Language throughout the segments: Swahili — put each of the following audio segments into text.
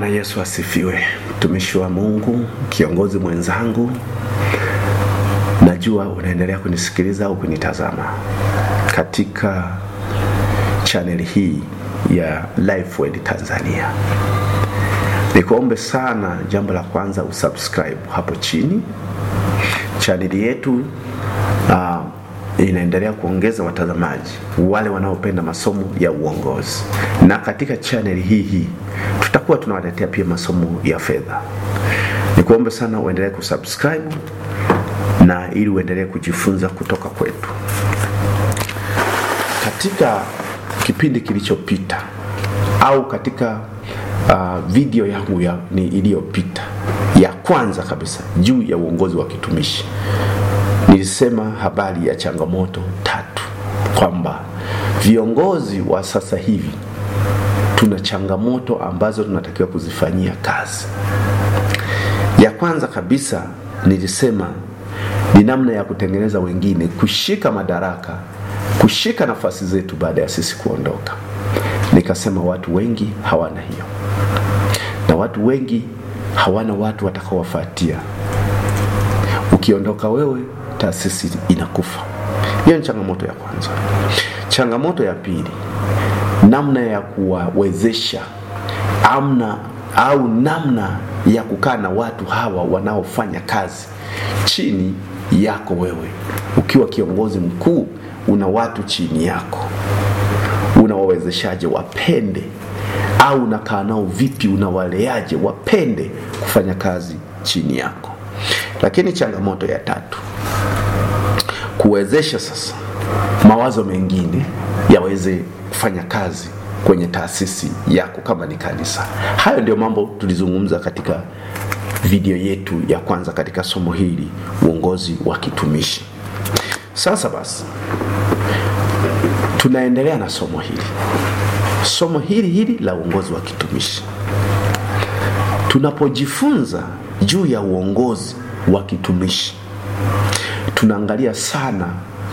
Bwana Yesu asifiwe. Mtumishi wa Mungu, kiongozi mwenzangu, najua unaendelea kunisikiliza au kunitazama katika chaneli hii ya Lifeword Tanzania. Nikuombe sana, jambo la kwanza usubscribe hapo chini chaneli yetu uh, inaendelea kuongeza watazamaji wale wanaopenda masomo ya uongozi, na katika chaneli hii hii tutakuwa tunawaletea pia masomo ya fedha. Nikuombe sana uendelee kusubscribe na ili uendelee kujifunza kutoka kwetu. Katika kipindi kilichopita au katika uh, video yangu ya, ni iliyopita ya kwanza kabisa juu ya uongozi wa kitumishi nilisema habari ya changamoto tatu kwamba viongozi wa sasa hivi tuna changamoto ambazo tunatakiwa kuzifanyia kazi. Ya kwanza kabisa nilisema ni namna ya kutengeneza wengine kushika madaraka, kushika nafasi zetu baada ya sisi kuondoka. Nikasema watu wengi hawana hiyo, na watu wengi hawana watu watakaowafuatia. Ukiondoka wewe taasisi inakufa. Hiyo ni changamoto ya kwanza. Changamoto ya pili, namna ya kuwawezesha amna au namna ya kukaa na watu hawa wanaofanya kazi chini yako. Wewe ukiwa kiongozi mkuu, una watu chini yako, unawawezeshaje wapende? Au unakaa nao vipi? Unawaleaje wapende kufanya kazi chini yako? Lakini changamoto ya tatu kuwezesha sasa mawazo mengine yaweze kufanya kazi kwenye taasisi yako kama ni kanisa. Hayo ndio mambo tulizungumza katika video yetu ya kwanza katika somo hili, uongozi wa kitumishi. Sasa basi, tunaendelea na somo hili, somo hili hili la uongozi wa kitumishi. Tunapojifunza juu ya uongozi wa kitumishi, tunaangalia sana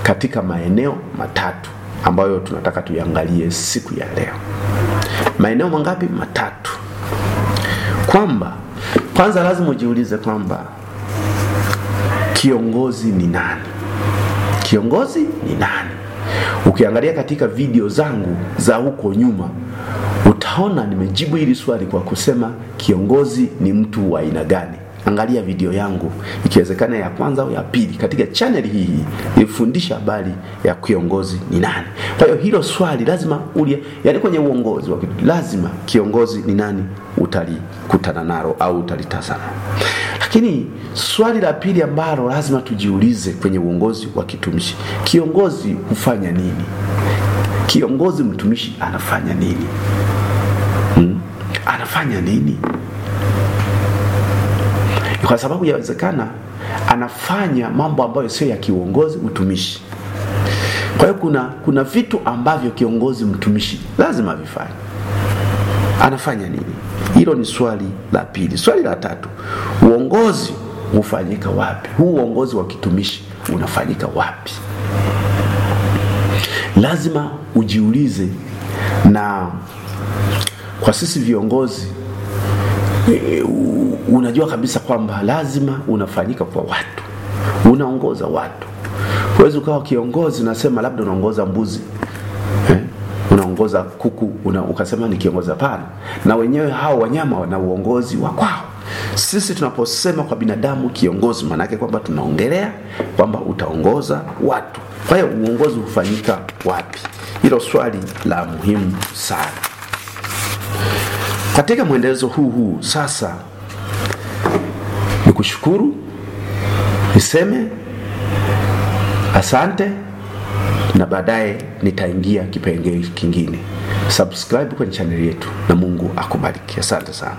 katika maeneo matatu ambayo tunataka tuyangalie siku ya leo. Maeneo mangapi? Matatu. Kwamba kwanza lazima ujiulize kwamba kiongozi ni nani? Kiongozi ni nani? Ukiangalia katika video zangu za huko nyuma utaona nimejibu hili swali kwa kusema kiongozi ni mtu wa aina gani? angalia video yangu ikiwezekana ya kwanza au ya pili katika channel hii ilifundisha habari ya kiongozi ni nani. Kwa hiyo hilo swali lazima ulie, yani kwenye uongozi wa kitu lazima kiongozi ni nani utalikutana nalo au utalitazama. Lakini swali la pili ambalo lazima tujiulize kwenye uongozi wa kitumishi, kiongozi hufanya nini? Kiongozi mtumishi anafanya nini? Hmm? Anafanya nini? kwa sababu yawezekana anafanya mambo ambayo sio ya kiuongozi, utumishi. Kwa hiyo kuna, kuna vitu ambavyo kiongozi mtumishi lazima vifanye. Anafanya nini? Hilo ni swali la pili. Swali la tatu, uongozi hufanyika wapi? Huu uongozi wa kitumishi unafanyika wapi? Lazima ujiulize, na kwa sisi viongozi Eh, unajua kabisa kwamba lazima unafanyika kwa watu, unaongoza watu. Huwezi ukawa kiongozi unasema labda unaongoza mbuzi eh? unaongoza kuku una, ukasema ni kiongozi. Hapana, na wenyewe hao wanyama wana uongozi wa kwao. Sisi tunaposema kwa binadamu kiongozi, maana yake kwamba tunaongelea kwamba utaongoza watu. Kwa hiyo uongozi hufanyika wapi? Hilo swali la muhimu sana. Katika mwendelezo huu huu sasa, nikushukuru niseme asante, na baadaye nitaingia kipengele kingine. Subscribe kwenye chaneli yetu, na Mungu akubariki. Asante sana.